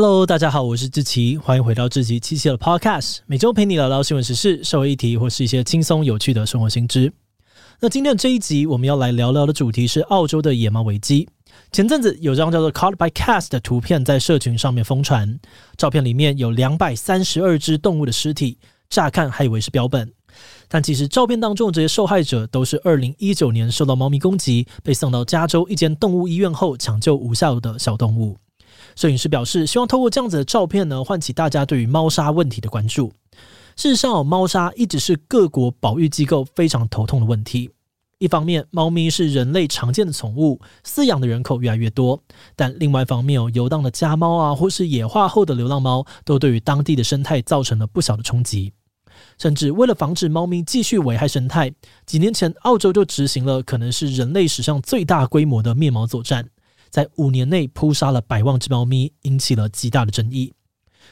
Hello，大家好，我是志祺，歡迎回到志祺七七的 Podcast，每週陪你聊聊新聞時事、社會議題或是一些輕鬆有趣的生活新知。那今天的這一集我們要來聊聊的主題是澳洲的野貓危機。前陣子有張叫做 “Caught by Cats” 的圖片在社群上面瘋傳，照片裡面有兩百三十二隻動物的屍體，乍看還以為是標本，但其實照片當中的這些受害者都是二零一九年受到貓咪攻擊、被送到加州一間動物醫院後搶救無效的小動物。攝影師表示，希望透過這樣子的照片呢，喚起大家對於貓殺問題的關注。事實上，貓殺一直是各國保育機構非常頭痛的問題。一方面，貓咪是人類常見的寵物，飼養的人口越來越多；但另外一方面，有遊蕩的家貓啊，或是野化後的流浪貓，都對於當地的生態造成了不小的衝擊。甚至為了防止貓咪繼續危害生態，幾年前澳洲就執行了可能是人類史上最大規模的滅貓作戰。在五年內撲殺了百萬隻貓咪，引起了極大的爭議。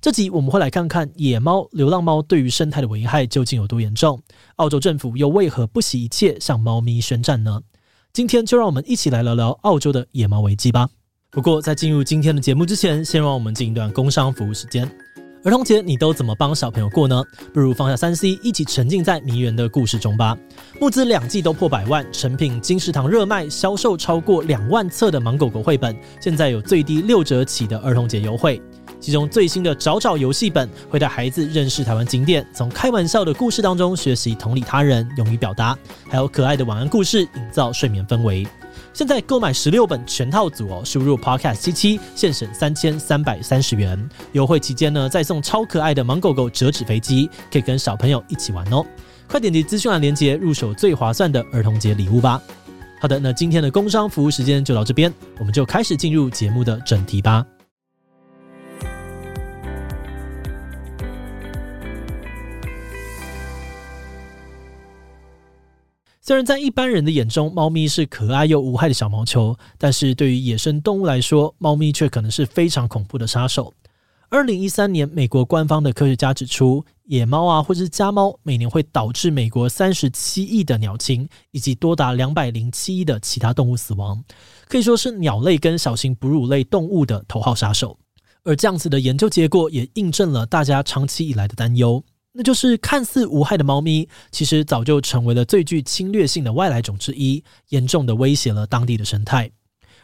這集我們會來看看野貓、流浪貓對於生態的危害究竟有多嚴重，澳洲政府又為何不惜一切向貓咪宣戰呢？今天就讓我們一起來聊聊澳洲的野貓危機吧。不過在進入今天的節目之前，先讓我們進一段工商服務時間。兒童節你都怎麼幫小朋友過呢？不如放下 3C，一起沉浸在迷人的故事中吧。募資兩季都破百萬，成品金石堂熱賣，銷售超過兩萬冊的《芒狗狗》繪本，現在有最低六折起的兒童節優惠。其中最新的找找遊戲本，會帶孩子認識台灣景點，從開玩笑的故事當中學習同理他人、勇於表達，還有可愛的晚安故事，營造睡眠氛圍。現在購買十六本全套組哦，輸入 podcast 七七，現省三千三百三十元，優惠期間呢再送超可愛的芒狗狗折紙飛機，可以跟小朋友一起玩哦。快點擊資訊欄鏈接入手最划算的兒童節禮物吧。好的，那今天的工商服務時間就到這邊，我們就開始進入節目的正題吧。雖然在一般人的眼中，貓咪是可愛又無害的小毛球，但是對於野生動物來說，貓咪卻可能是非常恐怖的殺手。二零一三年，美國官方的科學家指出，野貓啊，或者是家貓，每年會導致美國三十七億的鳥禽，以及多達兩百零七億的其他動物死亡，可以說是鳥類跟小型哺乳類動物的頭號殺手。而這樣子的研究結果，也印證了大家長期以來的擔憂。那就是看似無害的貓咪，其實早就成為了最具侵略性的外來種之一，嚴重的威脅了當地的生態。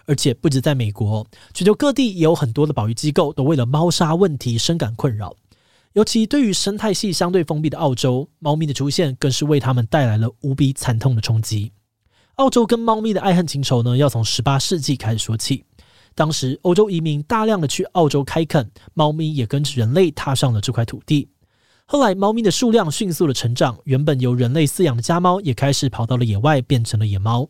而且不止在美國，全球各地也有很多的保育機構都為了貓殺問題深感困擾。尤其對於生態系相對封閉的澳洲，貓咪的出現更是為他們帶來了無比慘痛的衝擊。澳洲跟貓咪的愛恨情仇呢，要從十八世紀開始說起。當時歐洲移民大量的去澳洲開墾，貓咪也跟着人類踏上了這塊土地。後來，貓咪的數量迅速的成長，原本由人類飼養的家貓也開始跑到了野外，變成了野貓。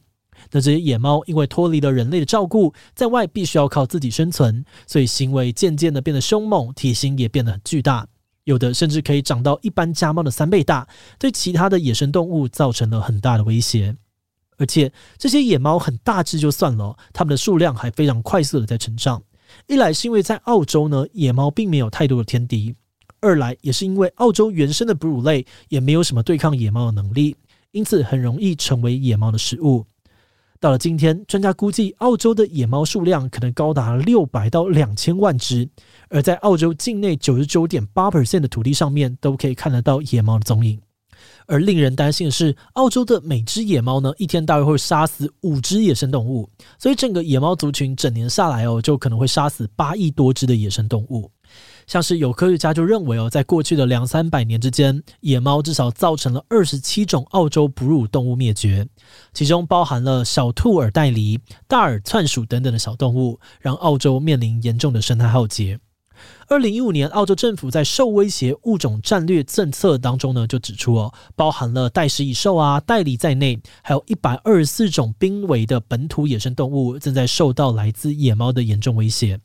那這些野貓因為脫離了人類的照顧，在外必須要靠自己生存，所以行為漸漸的變得凶猛，體型也變得很巨大，有的甚至可以長到一般家貓的三倍大，對其他的野生動物造成了很大的威脅。而且，這些野貓很大只就算了，它們的數量還非常快速的在成長。一來是因為在澳洲呢，野貓並沒有太多的天敵。二來也是因為澳洲原生的哺乳類也沒有什麼對抗野貓的能力，因此很容易成為野貓的食物。到了今天，專家估計澳洲的野貓數量可能高達六百到兩千萬隻，而在澳洲境內九十九點八%的土地上面都可以看得到野貓的蹤影。而令人擔心的是，澳洲的每隻野貓呢，一天大約會殺死五隻野生動物，所以整個野貓族群整年下來哦，就可能會殺死八億多隻的野生動物。像是有科學家就認為哦，在過去的兩三百年之間，野貓至少造成了二十七種澳洲哺乳動物滅絕，其中包含了小兔耳袋狸、大耳竄鼠等等的小動物，讓澳洲面臨嚴重的生態浩劫。二零一五年，澳洲政府在《受威脅物種戰略政策》當中呢，就指出哦，包含了袋食蟻獸啊、袋狸在內，還有一百二十四種瀕危的本土野生動物正在受到來自野貓的嚴重威脅。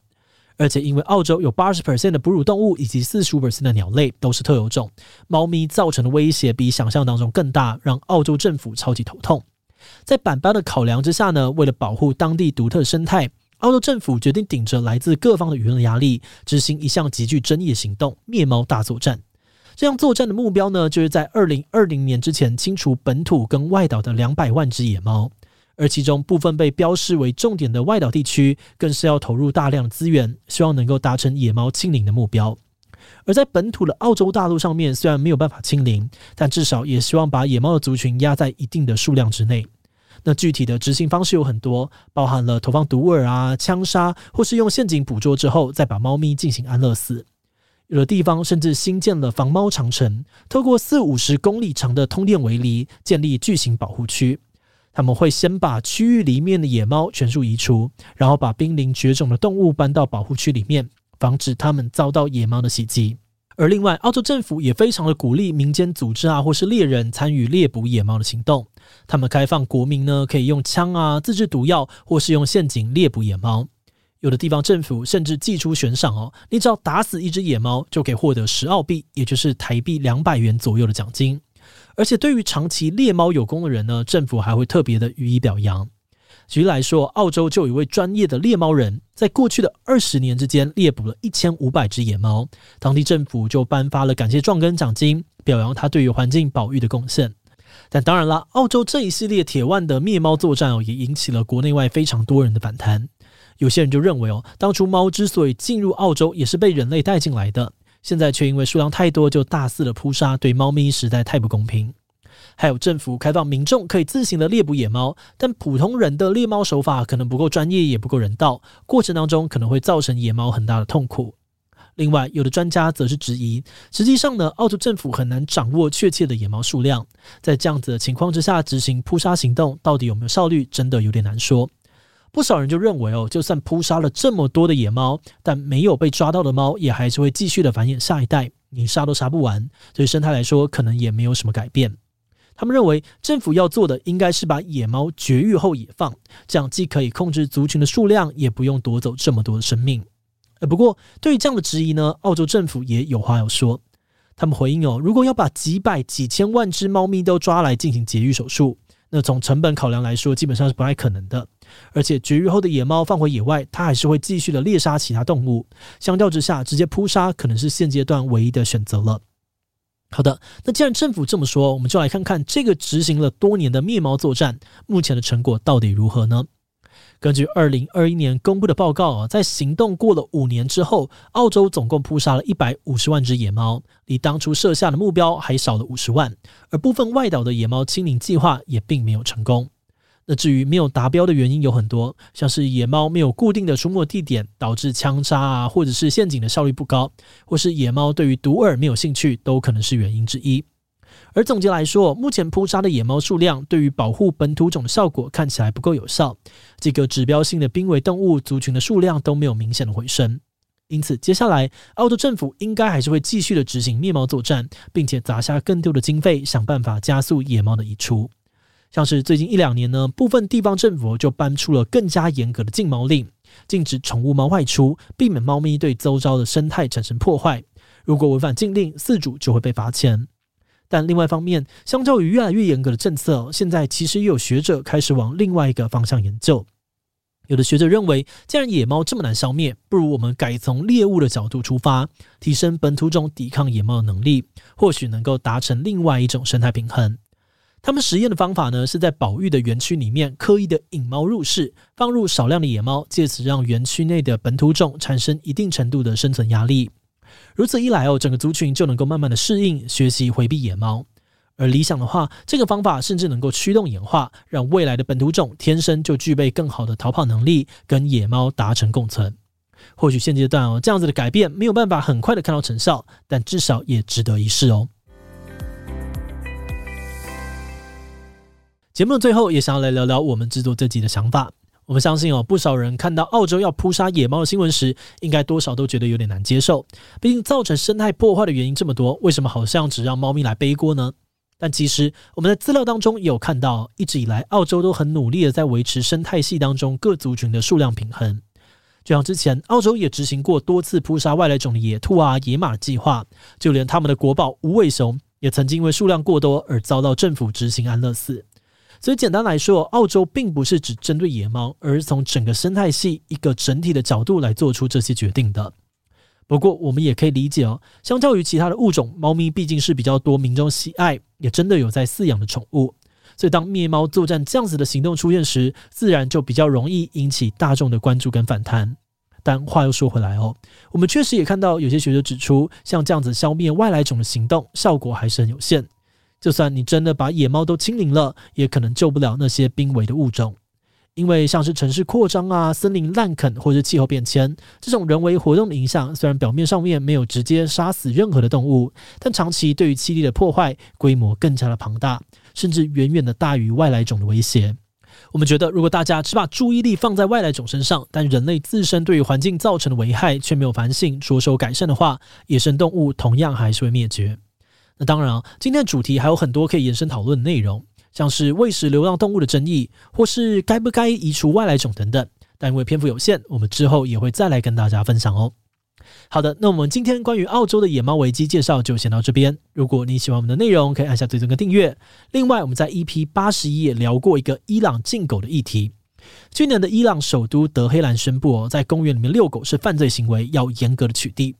而且，因為澳洲有八十%的哺乳動物以及四十五%的鳥類都是特有種，貓咪造成的威脅比想象當中更大，讓澳洲政府超級頭痛。在百般的考量之下呢，為了保護當地獨特生態。澳洲政府決定頂着來自各方的輿論壓力，執行一項極具爭議的行動——滅貓大作戰。這樣作戰的目標呢，就是在二零二零年之前清除本土跟外島的兩百萬隻野貓。而其中部分被標示為重點的外島地區，更是要投入大量資源，希望能夠達成野貓清零的目標。而在本土的澳洲大陸上面，雖然沒有辦法清零，但至少也希望把野貓的族群壓在一定的數量之內。那具體的執行方式有很多，包含了投放毒餌啊、槍殺，或是用陷阱捕捉之後再把貓咪進行安樂死。有的地方甚至新建了防貓長城，透過四五十公里長的通電圍籬建立巨型保護區。他們會先把區域裡面的野貓全數移除，然後把瀕臨絕種的動物搬到保護區裡面，防止它們遭到野貓的襲擊。而另外，澳洲政府也非常的鼓勵民間組織啊，或是獵人參與獵捕野貓的行動。他們開放國民呢，可以用槍啊、自制毒藥，或是用陷阱獵捕野貓。有的地方政府甚至祭出懸賞哦，你只要打死一隻野貓，就可以獲得十澳幣，也就是台幣兩百元左右的獎金。而且，對於長期獵貓有功的人呢，政府還會特別的予以表揚。舉例來說，澳洲就有一位專業的獵貓人，在過去的二十年之間獵捕了一千五百只野貓，當地政府就頒發了感謝狀跟獎金，表揚他對於環境保育的貢獻。但當然啦，澳洲這一系列鐵腕的滅貓作戰哦，也引起了國內外非常多人的反彈。有些人就認為哦，當初貓之所以進入澳洲，也是被人類帶進來的，現在卻因為數量太多就大肆的撲殺，對貓咪實在太不公平。還有政府開放民眾可以自行的獵捕野貓，但普通人的獵貓手法可能不夠專業，也不夠人道，過程當中可能會造成野貓很大的痛苦。另外，有的專家則是質疑，實際上呢，澳洲政府很難掌握確切的野貓數量，在這樣子的情況之下執行撲殺行動，到底有沒有效率，真的有點難說。不少人就認為哦，就算撲殺了這麼多的野貓，但沒有被抓到的貓也還是會繼續的繁衍下一代，你殺都殺不完，對生態來說可能也沒有什麼改變。他們認為，政府要做的應該是把野貓絕育後野放，這樣既可以控制族群的數量，也不用奪走這麼多的生命。不過對於這樣的質疑呢，澳洲政府也有話要說。他們回應哦，如果要把幾百、幾千萬隻貓咪都抓來進行絕育手術，那從成本考量來說，基本上是不太可能的。而且絕育後的野貓放回野外，它還是會繼續的獵殺其他動物。相較之下，直接撲殺可能是現階段唯一的選擇了。好的，那既然政府這麼說，我們就來看看這個執行了多年的滅貓作戰目前的成果到底如何呢？根據二零二一年公布的報告啊，在行動過了五年之後，澳洲總共撲殺了一百五十萬只野貓，離當初設下的目標還少了五十萬，而部分外島的野貓清零計劃也並沒有成功。那至於沒有達標的原因有很多，像是野貓沒有固定的出沒地點，導致槍殺啊，或者是陷阱的效率不高，或是野貓對於毒餌沒有興趣，都可能是原因之一。而總結來說，目前撲殺的野貓數量對於保護本土種的效果看起來不夠有效，這個指標性的瀕危動物族群的數量都沒有明顯的回升。因此，接下來澳洲政府應該還是會繼續的執行滅貓作戰，並且砸下更多的經費，想辦法加速野貓的移除。像是最近一兩年呢，部分地方政府就搬出了更加嚴格的禁貓令，禁止寵物貓外出，避免貓咪對周遭的生態產生破壞。如果違反禁令，飼主就會被罰錢。但另外一方面，相較於越來越嚴格的政策，現在其實也有學者開始往另外一個方向研究。有的學者認為，既然野貓這麼難消滅，不如我們改從獵物的角度出發，提升本土種抵抗野貓的能力，或許能夠達成另外一種生態平衡。他們實驗的方法呢，是在保育的園區裡面刻意的引貓入室，放入少量的野貓，借此讓園區內的本土種產生一定程度的生存壓力。如此一來哦，整個族群就能夠慢慢的適應、學習回避野貓。而理想的話，這個方法甚至能夠驅動演化，讓未來的本土種天生就具備更好的逃跑能力，跟野貓達成共存。或許現階段哦，這樣子的改變沒有辦法很快的看到成效，但至少也值得一試哦。節目的最後，也想要來聊聊我們制作這集的想法。我們相信哦，不少人看到澳洲要撲殺野貓的新聞時，應該多少都覺得有點難接受。畢竟造成生態破壞的原因這麼多，為什麼好像只讓貓咪來背鍋呢？但其實我們在資料當中也有看到，一直以來澳洲都很努力地在維持生態系當中各族群的數量平衡。就像之前澳洲也執行過多次撲殺外來種的野兔啊、野馬計劃，就連他們的國寶無尾熊，也曾經因為數量過多而遭到政府執行安樂死。所以簡單來說，澳洲並不是只針對野貓，而是從整個生態系一個整體的角度來做出這些決定的。不過，我們也可以理解哦，相較於其他的物種，貓咪畢竟是比較多民眾喜愛，也真的有在飼養的寵物。所以，當滅貓作戰這樣子的行動出現時，自然就比較容易引起大眾的關注跟反彈。但話又說回來哦，我們確實也看到有些學者指出，像這樣子消滅外來種的行動，效果還是很有限。就算你真的把野貓都清零了，也可能救不了那些瀕危的物種，因為像是城市擴張啊、森林濫墾，或者是氣候變遷，這種人為活動的影響，雖然表面上面沒有直接殺死任何的動物，但長期對於棲地的破壞，規模更加的龐大，甚至遠遠的大於外來種的威脅。我們覺得，如果大家只把注意力放在外來種身上，但人類自身對於環境造成的危害卻沒有反省、着手改善的話，野生動物同樣還是會滅絕。那當然，今天的主題還有很多可以延伸討論的內容，像是餵食流浪動物的爭議，或是該不該移除外來種等等。但因為篇幅有限，我們之後也會再來跟大家分享哦。好的，那我們今天關於澳洲的野貓危機介紹就先到這邊。如果你喜歡我們的內容，可以按下追蹤跟訂閱。另外，我們在 EP 八十一也聊過一個伊朗禁狗的議題。去年的伊朗首都德黑蘭宣布哦，在公園裡面遛狗是犯罪行為，要嚴格的取締。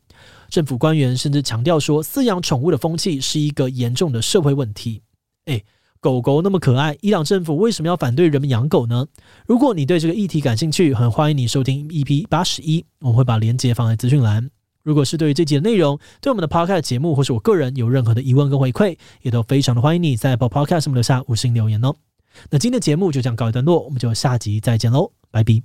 政府官員甚至強調說，飼養寵物的風氣是一個嚴重的社會問題。哎、欸，狗狗那麼可愛，伊朗政府為什麼要反對人們養狗呢？如果你對這個議題感興趣，很歡迎你收聽 EP 八十一，我們會把鏈接放在資訊欄。如果是對於這集的內容、對我們的 podcast 節目，或是我個人有任何的疑問跟回饋，也都非常的歡迎你在 podcast 節目留下五星留言哦。那今天的節目就這樣告一段落，我們就下集再見嘍，拜拜。